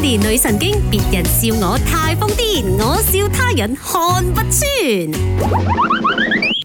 年女神經，別人笑我太瘋癲，我笑他人看不穿。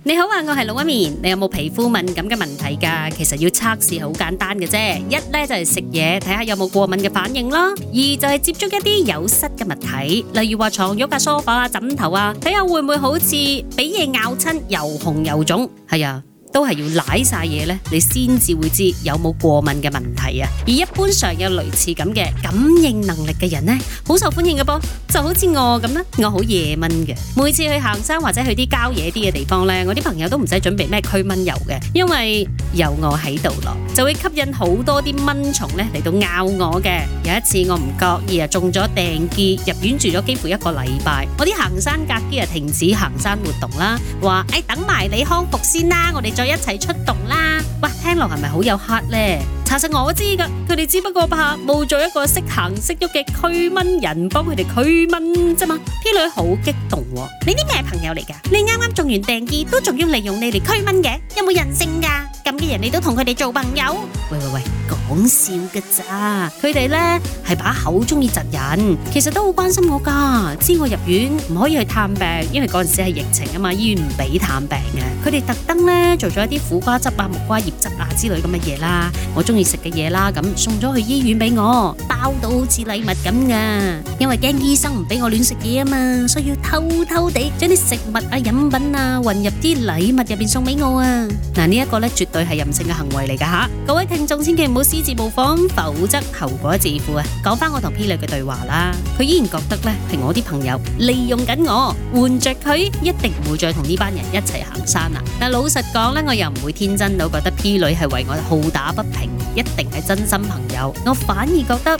你好啊，我係 Melody，你有冇皮膚敏感嘅問題㗎？其實要測試好簡單嘅啫，一呢，就係食嘢，睇下有冇過敏嘅反應咯；二就係接觸一啲有失嘅物體，例如話床褥啊、梳化啊、枕頭啊，睇下會唔會好似俾嘢咬親，又紅又腫。係啊。都係要舐晒嘢咧，你先至會知有冇過敏嘅問題啊！而一般常有類似咁嘅感應能力嘅人咧，好受歡迎嘅噃，就好似我咁啦，我好夜蚊嘅。每次去行山或者去啲郊野啲嘅地方咧，我啲朋友都唔使準備咩驅蚊油嘅，因為有我喺度咯，就會吸引好多啲蚊蟲咧嚟到咬我嘅。有一次我唔覺意啊中咗訂結，入院住咗幾乎一個禮拜，我啲行山格基啊停止行山活動啦，話誒等埋你康復先啦，我哋再。一齊出動啦！哇，聽落係咪好有客呢？查實我知噶，佢哋只不過怕冇咗一個識行識喐嘅驅蚊人幫佢哋驅蚊啫嘛。啲女好激動，啊，你，你啲咩朋友嚟噶？你啱啱種完定耳都仲要利用你嚟驅蚊嘅，有冇人性噶？咁嘅人你都同佢哋做朋友？喂喂喂！喂喂講笑嘅咋？佢哋咧係把口中意窒人，其實都好關心我噶。知我入院唔可以去探病，因為嗰陣時係疫情啊嘛，醫院唔俾探病嘅啊。佢哋特登咧做咗一啲苦瓜汁啊、木瓜葉汁啊之類咁嘅嘢啦，我中意食嘅嘢啦，咁送咗去醫院俾我。包到好似禮物咁噶，因為驚醫生唔俾我亂食嘢啊嘛，所以要偷偷地將啲食物啊、飲品啊混入啲禮物入邊送俾我啊。嗱，呢一個咧絕對係任性嘅行為嚟噶吓，各位聽眾千祈唔好私自模仿，否則後果自負啊！講翻我同 P 女嘅對話啦，佢依然覺得咧係我啲朋友利用緊我，換着佢一定唔會再同呢班人一齊行山啊。但老實講咧，我又唔會天真到覺得 P 女係為我好打不平，一定係真心朋友，我反而覺得。